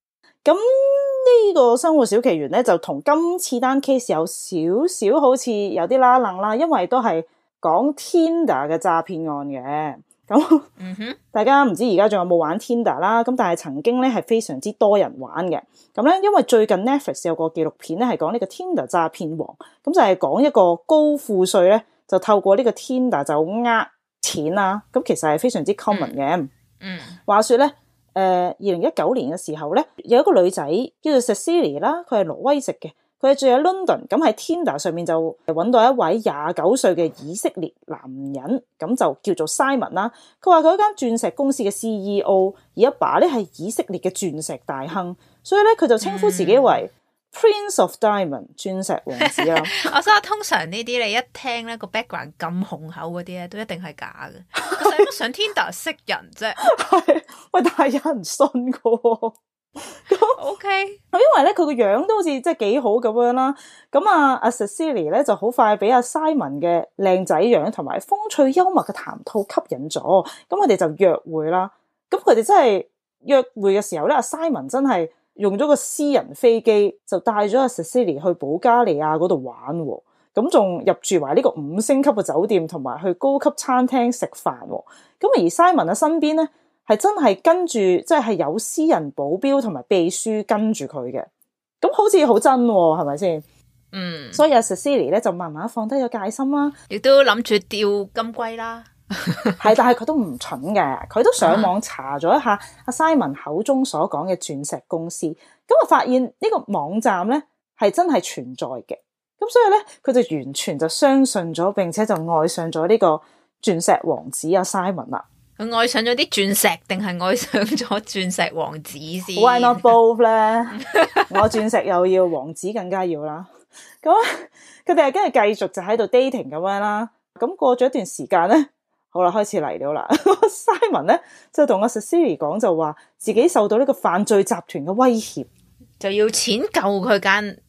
咁呢個生活小奇緣咧，就同今次單 case 有少少好似有啲啦楞啦，因為都係講 Tinder 嘅詐騙案嘅。咁， 大家唔知而家仲有冇玩 Tinder 啦？咁但係曾經咧係非常之多人玩嘅。咁咧，因為最近 Netflix 有個紀錄片咧係講呢個 Tinder 詐騙王，咁就係、是、講一個高富帥咧就透過呢個 Tinder 就呃錢啦。咁其實係非常之 common 嘅、嗯。嗯，話說咧，誒、呃，二零一九年嘅時候咧，有一個女仔叫做 Cecilie 啦，佢係挪威籍嘅。佢住喺 London，咁喺 Tinder 上面就揾到一位廿九歲嘅以色列男人，咁就叫做 Simon 啦。佢話佢一間鑽石公司嘅 CEO，而阿爸咧係以色列嘅鑽石大亨，所以咧佢就稱呼自己為 Prince of Diamond，鑽、嗯、石王子啊。 我想我通常呢啲你一聽咧、嗰個 background 咁雄厚嗰啲咧，都一定係假嘅。佢使乜上 Tinder 識人啫？喂， 但係有人信噶 咁 OK，係因為咧，佢個樣都好似即係幾好咁樣啦。咁啊，阿 Sicily 咧就好快俾阿、啊、Simon 嘅靚仔樣同埋風趣幽默嘅談吐吸引咗。咁佢哋就約會啦。咁佢哋真係約會嘅時候咧，阿、啊、Simon 真係用咗個私人飛機就帶咗阿 Sicily 去保加利亞嗰度玩，咁仲入住埋呢個五星級嘅酒店，同埋去高級餐廳食飯。咁而 Simon 喺 身邊咧。係真係跟住，即係有私人保鏢同埋秘書跟住佢嘅，咁好似好真喎，係咪先？嗯，所以阿 Siri 咧就慢慢放低咗戒心啦，亦都諗住釣金龜啦。係， 但係佢都唔蠢嘅，佢都上網查咗一下阿 Simon 口中所講嘅鑽石公司，咁啊，發現呢個網站咧係真係存在嘅，咁所以咧佢就完全就相信咗，並且就愛上咗呢個鑽石王子阿 Simon 啦。佢愛上咗啲鑽石，定係愛上咗鑽石王子先？Why not both 咧？ 我鑽石又要，王子更加要啦。咁佢哋係跟住繼續就喺度 dating 咁樣啦。咁過咗一段時間咧，好啦，開始嚟料啦。 Simon 咧就同阿 Siri 講，就話自己受到呢個犯罪集團嘅威脅，就要錢救佢間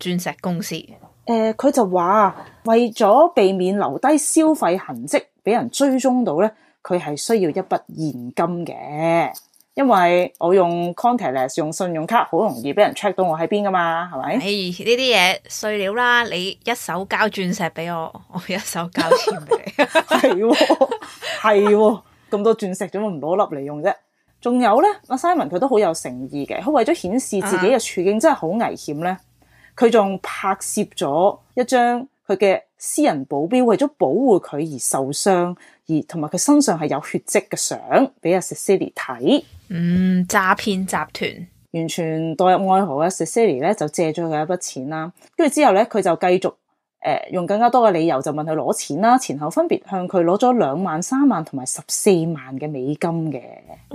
鑽石公司。誒、呃，佢就話為咗避免留低消費痕跡，俾人追蹤到咧。佢係需要一筆現金嘅，因為我用 contactless 用信用卡好容易俾人 check 到我喺邊噶嘛，係咪？誒，呢啲嘢碎料啦，你一手交鑽石俾我，我一手交錢俾你，係 喎，係喎，咁多鑽石點解唔攞粒嚟用啫？仲有咧，阿 Simon 佢都好有誠意嘅，佢為咗顯示自己嘅處境真係好危險咧，佢、uh、仲 -huh. 拍攝咗一張佢嘅私人保鏢為咗保護佢而受傷。同埋佢身上係有血跡嘅相，俾阿 Sissi 睇。嗯，詐騙集團完全代入愛河啊！Sissi 咧就借咗佢一筆錢啦，跟住之後咧佢就繼續誒、呃、用更加多嘅理由就問佢攞錢啦，前後分別向佢攞咗兩萬、三萬同埋十四萬嘅美金嘅。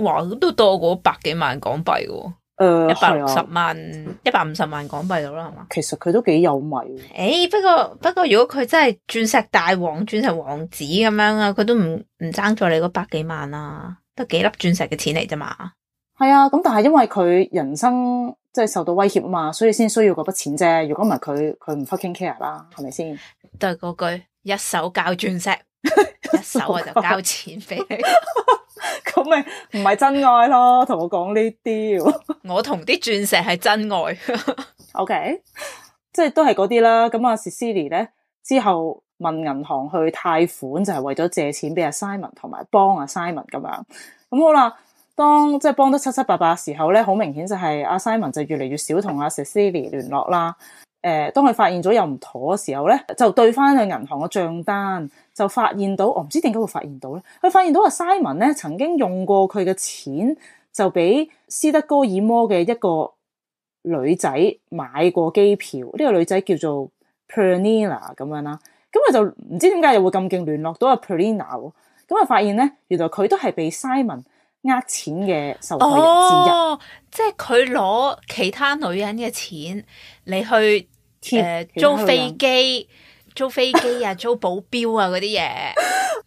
哇，咁都多過百幾萬港幣嘅啊。誒、呃，一百六十萬、一百五十萬港幣度啦，係嘛？其實佢都幾有米。誒、哎，不過不過，如果佢真係鑽石大王、鑽石王子咁樣啊，佢都唔唔爭咗你嗰百幾萬啊，得幾粒鑽石嘅錢嚟啫嘛。係啊，咁但係因為佢人生即係、就是、受到威脅啊嘛，所以先需要嗰筆錢啫。如果唔係佢，佢唔 fucking care 啦，係咪先？對嗰句一手交鑽石，一手就交錢俾你。 咁咪唔係真愛咯？同我講呢啲，我同啲鑽石係真愛。 o、okay, K，即係都係嗰啲啦。咁阿 Cecilia 咧，之後問銀行去貸款，就係為咗借錢俾阿 Simon 同埋幫阿 Simon 咁樣。咁好啦，當即係幫得七七八八嘅時候咧，好明顯就係阿 Simon 就越嚟越少同阿 Cecilia 聯絡啦。誒，當佢發現咗有唔妥嘅時候咧，就對翻去銀行嘅賬單，就發現到，我、哦、唔知點解會發現到咧。佢發現到阿 Simon 咧，曾經用過佢嘅錢，就俾斯德哥爾摩嘅一個女仔買過機票。呢、這個女仔叫做 Pernilla 咁樣啦，咁佢就唔知點解又會咁勁聯絡到阿 Pernilla，咁佢發現咧，原來佢都係被 Simon。呃錢嘅受害人之一，哦，即係佢攞其他女人嘅錢，你去誒租飛機、租飛機啊、 租保鏢啊嗰啲嘢，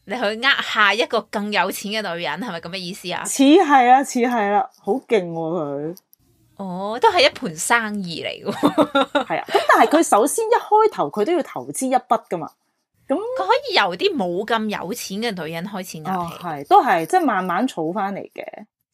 你去呃下一個更有錢嘅女人，係咪咁嘅意思啊？似係啊，似係啊，好勁佢，哦，都係一盤生意嚟，係 啊。咁但係佢首先一開頭佢都要投資一筆噶嘛。咁佢可以由啲冇咁有錢嘅女人開始入嚟，哦，係都係，即係慢慢儲翻嚟嘅。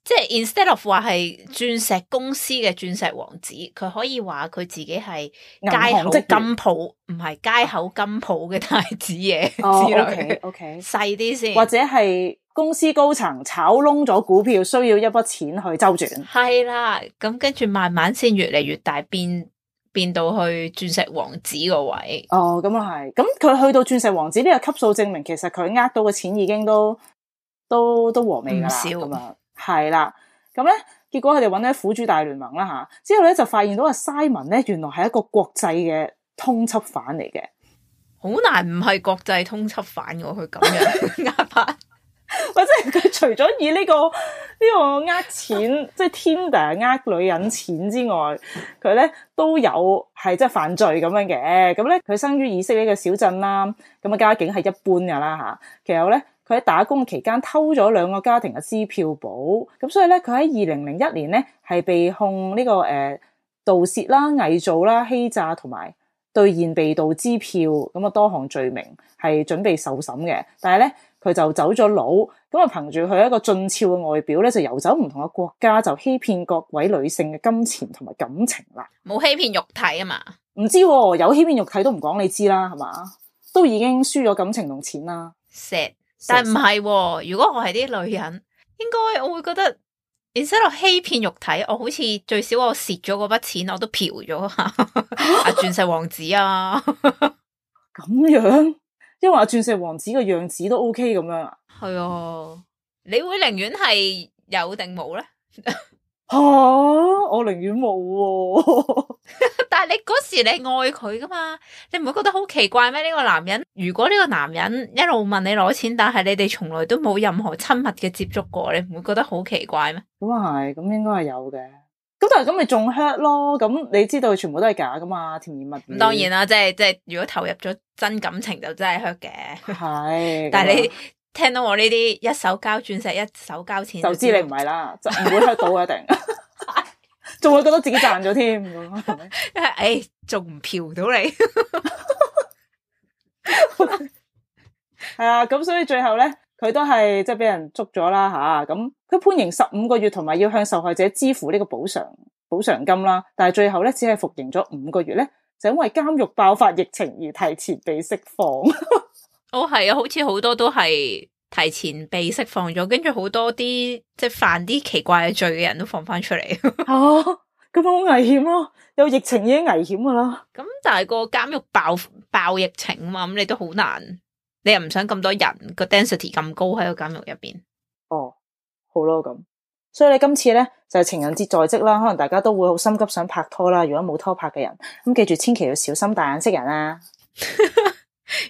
即係 instead of 話係鑽石公司嘅鑽石王子，佢可以話佢自己係街口金鋪，唔係，啊、街口金鋪嘅太子嘢之類。O K，細啲先，或者係公司高層炒窿咗股票，需要一筆錢去周轉。係啦，咁跟住慢慢先越嚟越大變。變到去鑽石王子個位哦，咁啊係，咁佢去到鑽石王子呢個級數，證明其實佢呃到嘅錢已經都都都和味噶啦，咁少咁樣係啦，咁咧結果佢哋揾喺苦主大聯盟啦吓，之後咧就發現到阿 Simon 咧原來係一個國際嘅通緝犯嚟嘅，好難唔係國際通緝犯噶佢咁樣。 除咗以呢、呢個呢、呢個呃錢， 即係 Tinder 呃女人錢之外，佢咧都有係即係犯罪咁樣嘅。咁咧，佢生於以色列嘅小鎮啦，咁嘅家境係一般噶啦嚇。其實咧，佢喺打工期間偷咗兩個家庭嘅支票簿，咁所以咧，佢喺二零零一年咧係被控呢、呢個誒盜竊啦、偽、呃、造啦、欺詐同埋兌現被盜支票咁嘅多項罪名，係準備受審嘅。但係咧，佢就走咗佬，咁啊憑住佢一個俊俏嘅外表咧，就游走唔同嘅國家，就欺騙各位女性嘅金錢同埋感情啦。冇欺騙肉體啊嘛？唔知有欺騙肉體都唔講你知啦，係嘛？都已經輸咗感情同錢啦。sad 但唔係，啊，如果我係啲女人，應該我會覺得 instead of 欺騙肉體，我好似最少我蝕咗嗰筆錢，我都嫖咗 啊！啊，鑽石王子啊，咁 樣。因為鑽石王子個樣子都 OK 咁樣，係啊，你會寧願係有定冇咧？吓、 啊，我寧願冇。但係你嗰時你愛佢噶嘛？你唔會覺得好奇怪咩？呢個男人，如果呢個男人一路問你攞錢，但係你哋從來都冇任何親密嘅接觸過，你唔會覺得好奇怪咩？咁係，咁應該係有嘅。咁但係咁咪仲 hurt 咯？咁你知道全部都係假噶嘛？甜言蜜語。當然啦，即係即係如果投入咗真感情就真係 hurt 嘅。係。 但係你聽到我呢啲一手交鑽石，一手交錢，就知，就知你唔係啦，就唔 會 hurt 到一定，仲 會覺得自己賺咗添咁。因為誒，仲唔嫖到你？係 啊，咁所以最後咧。佢都係即係俾人捉咗啦吓，咁、嗯、佢判刑十五個月，同埋要向受害者支付呢個補償補償金啦。但係最後咧，只係服刑咗五個月咧，就因為監獄爆發疫情而提前被釋放。 哦，係啊，好似好多都係提前被釋放咗，跟住好多啲即係犯啲奇怪嘅罪嘅人都放翻出嚟。哦、 啊，咁好危險咯、啊，有疫情已經危險噶啦。咁但係個監獄爆爆疫情啊嘛，咁你都好難。你又唔想咁多人、個 density 咁高喺個監獄入邊？哦，好咯咁，所以你今次咧就係、是、情人節在即啦，可能大家都會好心急想拍拖啦。如果冇拖拍嘅人，咁記住千祈要小心帶眼識人啦。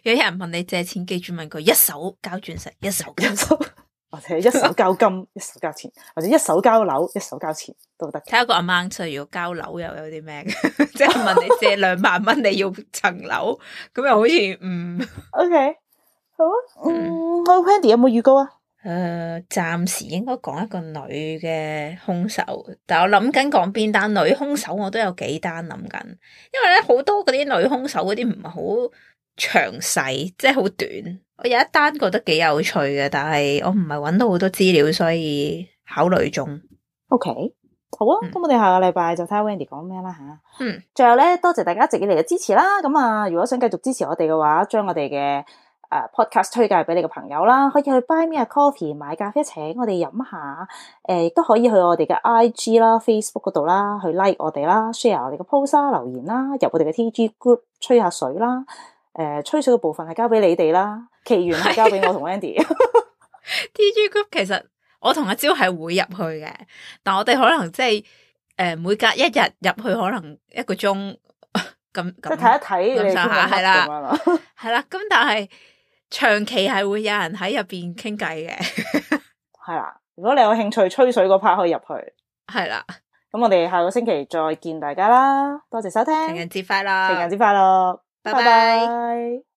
有人問你借錢，記住問佢一手交鑽石，一手交，一手，交 一手，或者一手交金， 一手交錢，或者一手交樓，一手交錢都得。睇下個 amount 如果交樓又有啲咩即係問你借兩萬蚊，你要層樓咁，又 好似唔、嗯、OK。好啊，嗯，阿、啊、Wendy 有冇預告啊？誒、呃，暫時應該講一個女嘅凶手，但係我諗緊講邊單女凶手，我都有幾單諗緊。因為咧好多嗰啲女凶手嗰啲唔係好詳細，即係好短。我有一單覺得幾有趣嘅，但係我唔係搵到好多資料，所以考慮中。O、okay, K，好啊，咁、嗯、我哋下個禮拜就睇下 Wendy 講咩啦吓。嗯，最後咧多謝大家一直以來嘅支持啦。咁啊，如果想繼續支持我哋嘅話，將我哋嘅。誒、uh,，podcast 推介俾你個朋友啦，可以去 buy me a coffee 買咖啡，請我哋飲下。誒，亦都可以去我哋嘅 IG 啦、Facebook 度啦，去 like 我哋啦，share 我哋嘅 post 留言啦，入我哋嘅 TG group 吹下水啦。誒、uh,，吹水嘅部分係交俾你哋啦，其餘係交俾我同 Andy。TG group 其實我同阿朝係會入去嘅，但我哋可能即係誒，每隔一日入去可能一個鐘咁咁，即睇一睇咁上下係啦，係啦，咁 但係。長期係會有人喺入邊傾偈嘅，係啦。如果你有興趣吹水嗰 part，可以入去。係啦，咁我哋下個星期再見大家啦，多謝收聽，情人節快樂，情人節快樂，拜拜。